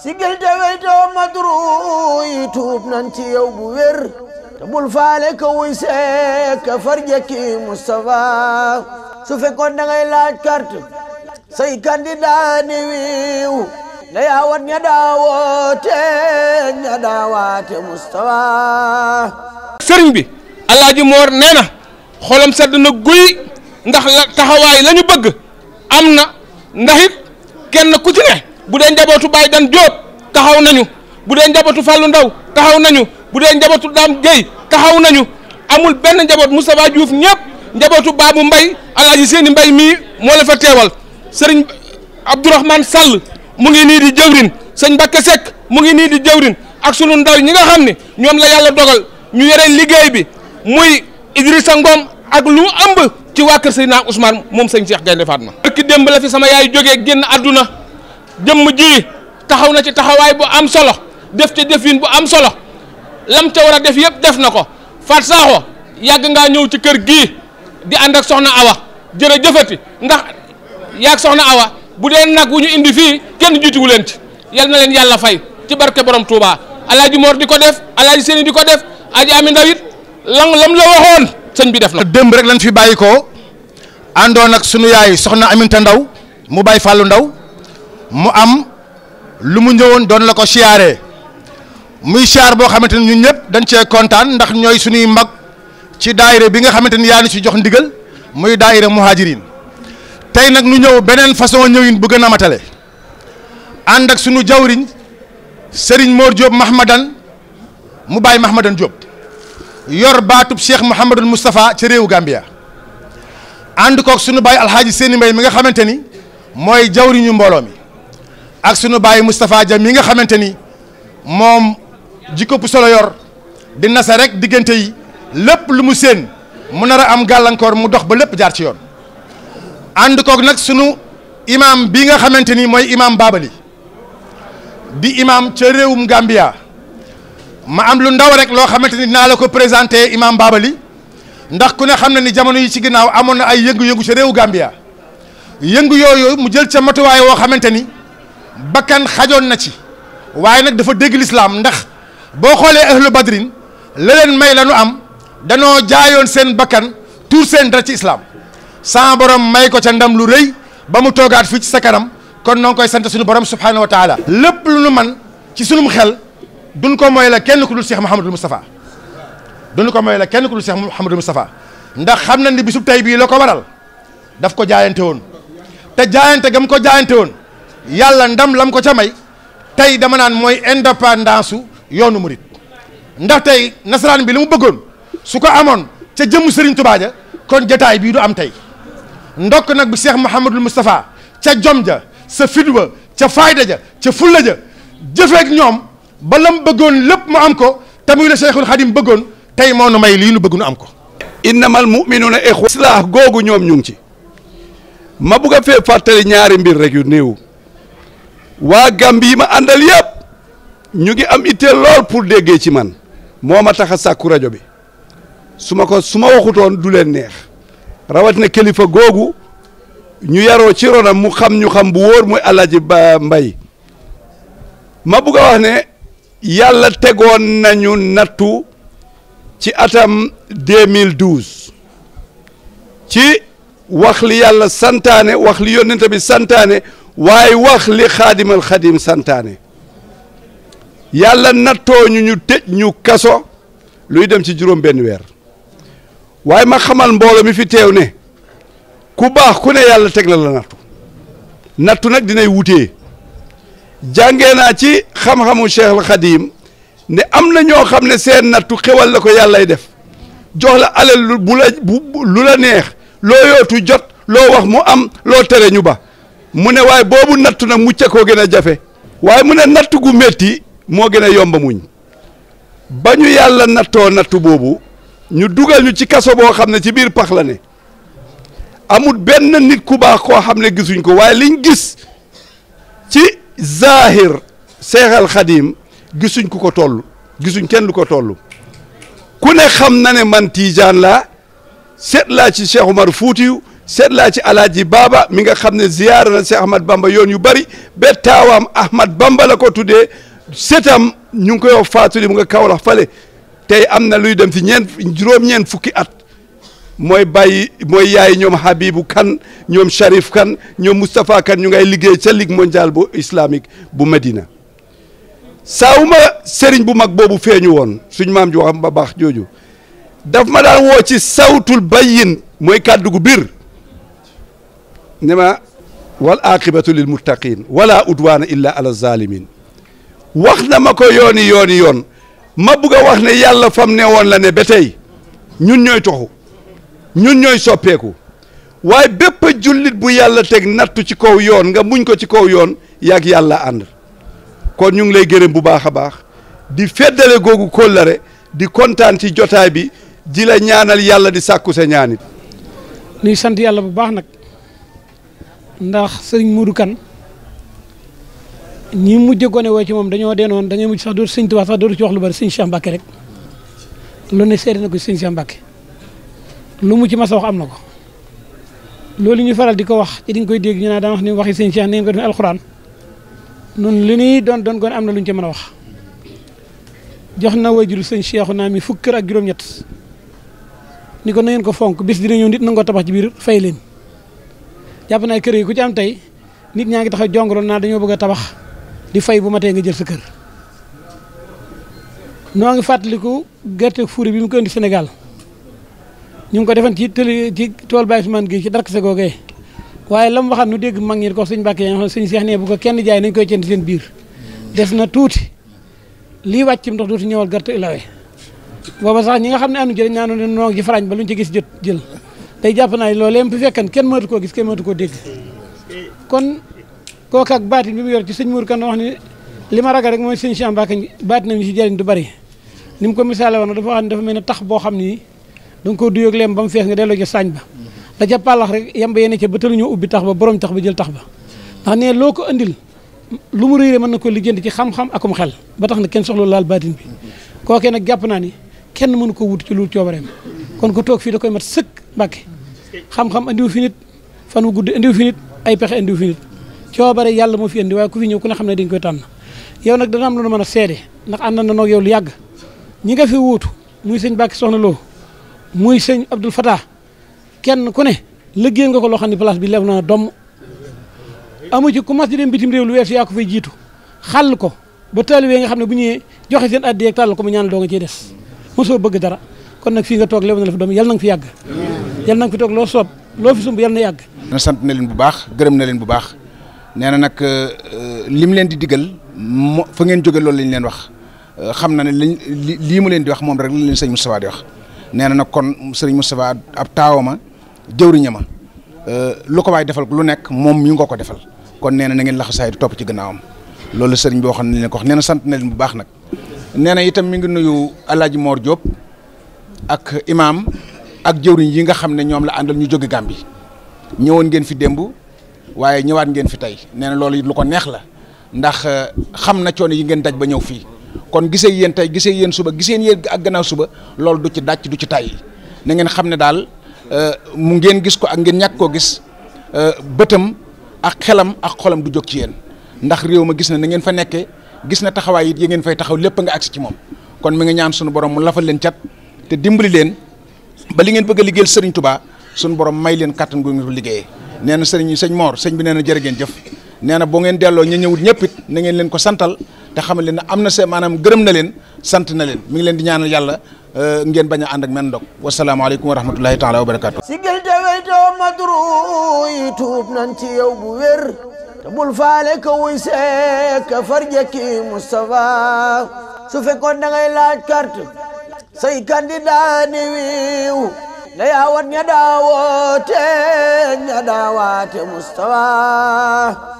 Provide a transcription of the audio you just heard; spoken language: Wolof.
sigel dewey to madru youtube nanti nan ci yow bu wer te bul faale ko wuy seek ka farja ki Moustapha su fekkoon da ngay laaj carte say candidat ni la na yaawat nya daawoote ña daawaate mustafa serigne bi alaaji mor neena xolam sedd na guuy ndax taxaway lañu bëgg amna ndax it kenn ku ci ne bu dee tu Dan job taxaw nañu bu dee tu Fallou Ndaw taxaw nañu bu dee tu Dame taxaw nañu amul benn njaboot Moustapha Diouf ñëpp tu babu mbay Alaji seeni mbay mi mo la fa teewal serigne abdourahman Sall mu ngi ni di jeewrin serigne bakke sek mu ngi ni di jeewrin ak sunu ndaw ñi nga xamni ñom la yalla dogal ñu yere liggey bi muy Idrissa Ngom ak lu ëmb ci wa keur serigne Ousmane mom serigne Cheikh gayne Fatma barki demb la fi sama yaay joge genn aduna jëmm ji taxaw na ci taxaway bu am solo def ci defin bu am solo lam ci wara def yeb def nako fat saxo yag nga ñew ci kër gi di and ak soxna Awa jërëjëfati ndax yag soxna Awa bu de nak wuñu indi fi kenn jiituwu leen ci yal na len yalla fay ci barke borom Touba alaaji Mor di def alaaji Seni di def aji Ami Ndawit lam la waxon sëñ bi def na. rek lan fi bayiko ando ak yaay soxna Aminta Ndaw mu bay fallu Ndaw mu am lu mu ñëwoon doon la ko siyaaree muy siyaar bo xamanteni ñun ñëpp dañ cee contane ndax ñooy suñuy mag ci daayira bi nga xamanteni yaa ni ci jox ndigal muy daayira muhajirin tey nag ñu ñëw beneen façon ñëwin bu gën ànd ak suñu jawriñ Serigne Mor Diop Mahmadan mu bay Mahmadan job, yor batub Cheikh Mouhamadul Mustafa ci rew Gambia ànd koog suñu bay alhaji seni mbay mi nga xamanteni moy jawriñu mbooloo mi ak suñu baye Mustafa Dia mi nga xamanteni mom pusoloyor, jikko bu solo yor di nasa rek diggante yi lepp lu mu seen mu nara am galankor mu dox ba lepp jaar ci yoon and ko nak sunu imam bi nga xamanteni moy imam Babali di imam ci rewum Gambia ma am lu ndaw rek lo xamanteni na la ko presenter imam Babali ndax ku ne xamna ni jamono yi ci ginaaw amoon ay yeng yeng ci rewu Gambia yeng yoyo mu jël ci matuwaay wo xamanteni bakkan xajoon na ci waaye nag dafa dégg lislaam ndax boo xoolee ahlu badrin la may la nu am danoo jaayoon seen bakkan tuur seen dara ci islaam sa borom may ko ca ndam lu rëy ba mu toogaat fii ci sa kanam kon noon koy sant sunu borom subhaanahu wa taala lépp lu nu man ci sunum xel duñ ko moy la kenn ku dul Cheikh Mouhamadul Moustapha duñ ko mooy la kenn ku dul Cheikh Mouhamadul Moustapha ndax xam na ni bisub tey bii la ko waral daf ko jaayante woon te jaayante gam ko jaayante woon yàlla ndam lam ko ca may tey dama naan mooy indépendance su yoonu murit ndax tey nasaraan bi li mu bëggoon su ko amoon ca jëmm sëriñ Touba kon jataay bii du am tey ndokk nag bu Cheikh Mouhamadul Moustapha ca jom ja sa fidwa ca fayda ja ca fulla ja jëfeek ñoom ba lam bëggoon lépp mu am ko te muy la Cheikhul Khadim bëggoon tey moo nu may lii nu bëgg nu am ko innamal mu'minuna ixwa islaax googu ñoom ñu ngi ci ma bëgg a fee fàttali ñaari mbir rek yu néew waa Gàmbi yi ma àndal yëpp ñu ngi am itteel lool pour déggee ci man moo ma tax sàkku rajo bi su ma ko su ma waxutoon du leen neex rawatina kilifa googu ñu yaroo ci ronam mu xam ñu xam bu wóor muy Alaaji Ba Mbay ma bugg wax ne yàlla tegoon nañu nattu ci atam 2012 ci wax li yàlla santaane wax li yónnent bi santaane واي واخ لي خادم الخادم سانتاني يالا ناتو ني ني تيج ني كاسو لوي ديم سي جوروم بن وير واي ما خمال مبولو مي في تيو ني كو باخ كو ني يالا تيك لا ناتو ناتو نك دي ناي ووتيه جانغينا تي خم خمو شيخ الخديم ني امنا ньо خامني سين ناتو خيوال لاكو يالا ديف جوخ لا علل لولا نيه لو يوتو جوت لو واخ مو ام لو تري ني با mu ne waaye boobu nattu nag mucce koo gën a jafe waaye mu ne natt gu metti moo gën a yomba muñ ba ñu yàlla nattoo nattu boobu ñu dugal ñu ci kaso boo xam ne ci biir pax la ne amul benn nit ku koo xam ne gisuñ ko waaye liñ gis ci zahir seexal xadiim gisuñ ku ko toll gisuñ kenn lu ko toll ku ne xam na ne man tiijaan laa seet laa ci Cheikh Omar Fuutiyu seet laa ci alaaji baaba mi nga xam ne ziyaara na si Ahmad Bamba yoon yu bari ba taawaam Ahmad Bamba la ko tuddee setam ñu ngi koy wax faatuli mu nga Kaolack fale tey am na luy dem fi ñeen juróom-ñeen fukki at mooy bàyyi mooy yaay ñoom Habibu Kan ñoom Sharif Kan ñoom Moustapha Kan ñu ngay liggéey ca ligue mondiale bu islamique bu Medina ma sëriñ bu mag boobu feeñu woon suñ maam ju wax ba baax jooju daf ma daan woo ci sawtul bayin mooy kàddu gu bir ne ma wal aqibatu lil muttaqin wala udwana illa ala zalimin wax na ma ko yooni yooni yoon ma bugg a wax ne yàlla fam ne woon la ne ba tey ñun ñooy toxu ñun ñooy soppeeku waaye bépp jullit bu yàlla teg nattu ci kaw yoon nga muñ ko ci kaw yoon yàgg yàlla ànd kon ñu ngi lay gërëm bu baax a baax di feddale googu kóllare di kontaan ci jotaay bi di la ñaanal yàlla di sàkku sa ñaanit ñuy sant yàlla bu baax nag ndax sëriñ muuru kan ñii mujj gone woo ci moom dañoo denoon dañoo mujj sax dootu sëñ Tuubaa sax dootu ci wax lu bari sëñ Cheikh Mbacke rek lu ne seede na lu mu ci mas wax am na ko loolu ñu faral di ko wax ci di koy dégg ñu naa daan wax ni waxi sëñ Cheikh ni ko defee alxuraan noonu li ñuy doon doon gone am na lu ñu ci mën a wax jox na wajuru sëñ Cheikhu naa mi fukk ak juróom-ñett ni ko na ngeen ko fonk bis dina ñëw nit na nga ko tabax ci biir fay leen jàpp naa kër yi ku ci am tay nit ñangi taxaw jongoroon na dañu bëgg tabax di fay bu matee nga jël sa kër no nga fàttaliku gëtte fuuri bi mu ko indi Sénégal ñu ko defan ci tëli ci tol bay Ousmane gi ci dark sa googee waye lam waxat nu dégg mag ñi ko suñ bàkkee ñu xam cheikh ne bu ko kenn jaay nañ koy jënd seen biir def na tuuti lii wàccim ndox dootu ñëwal gerte ilawe booba sax ñi nga xamne amu jël ñaanu ne ci farañ ba luñ ci gis jël tay japp na lolé mu fekkan kenn mo ko gis kenn mo ko dégg kon kooku ak baatin bi mu yor ci seigne Mour kan wax ni lima ragal rek moy seigne Cheikh Mbacké baatinam ni ci jëriñ du bari ni ko misaale won dafa wax dafa melni tax bo xamni dang ko nga koo duyoog leem ba nga delo ci sañ ba la ca rek yamba yene ci ba ñu ubbi tax ba borom tax ba jël tax ba tax ne loko andil lu mu reere man nako ko ci xam-xam akum xel ba tax ne kenn soxlo lal baatin bi kookee nak japp na ni kenn mënu ko wut ci lu ciobarem kon ko tok fi da koy mat seuk Mbacké xam-xam andiwu fi nit fan wu gudd andiwu fi nit ay pexe andiwu fi nit coobare yàlla moo fi andi waaye ku fi ñëw ku ne xam ne dañ koy tànn yow nag dana am lu nu mën a seede ndax na noog yow lu yàgg ñi nga fi wuutu muy sëñ Mbacké Soxna Lo muy sëñ Abdoul Fatah kenn ku ne liggéey nga ko loo xam place bi lew na dom amu ci ku mas di dem bitim réew lu weesu yaa ko fay jiitu xàll ko ba taalibe nga xam ne bu ñëwee joxe seen addi yeeg tàll ko mu ñaan doo nga ciy des mosoo bëgg dara kon nag fii nga toog léegi na la fa doom yal na nga na fi toog loo soob loo fi sumb yal sant na leen bu baax gërëm na leen bu baax nee na nag euh, euh, lim leen di digal mo ngeen jóge loolu lañ leen wax euh, xam na ne liñ lii mu leen di wax moom rek li leen sëñ Moustapha di wax nee na nag kon sëriñ Moustapha ab taawama jëwriña ma lu ko waay defal lu nekk moom mi nga ko defal kon nee na na ngeen laxasaay di topp ci gannaawam loolu sëriñ boo xam ne leen ko wax nee sant na leen bu baax nag nee na itam mi ngi nuyu El Hadj Mor ak imaam ak jëwriñ yi nga xam ne ñoom la àndal ñu jóge Gàmbi ñëwoon ngeen fi démb waaye ñëwaat ngeen fi tey nee na loolu it lu ko neex la ndax euh, xam na coono yi ngeen daj ba ñëw fii kon gisee yéen tey gisee yeen suba gisee yéen ak gannaaw suba loolu du ci dàcc du ci tàyyi na ngeen xam ne daal euh, mu ngeen gis ko ak ngeen ñàkk koo gis euh, bëtam ak xelam ak xolam du jóg ci yeen ndax réew ma gis na na fa nekkee gis na taxawaay it yi ngeen fay taxaw lépp nga agsi ci moom kon mi nga ñaan sunu borom mu lafal leen cat te dimbali len ba li ngeen bëgg a liggéeyal sëriñ Touba suñu borom may len carton gu ngeen liggéey neena serigne serigne Mor serigne bi neena na ngeen jëf neena bo ngeen delo ñi ñewul ñëpp it na ngeen len ko santal te xamal len amna se manam see na len sant na len mi ngi len di ñaanal yàlla euh, ngeen bañ a ak men ndog alaykum wa rahmatullahi taala wa si gel te do madru yi tuub nan ci yow bu wér te bul faale ko wuy ka farjëkki mustafa su fekkon da ngay laaj carte say candidat ni wiiw ne yaa daawoote ña daawaate Mustafa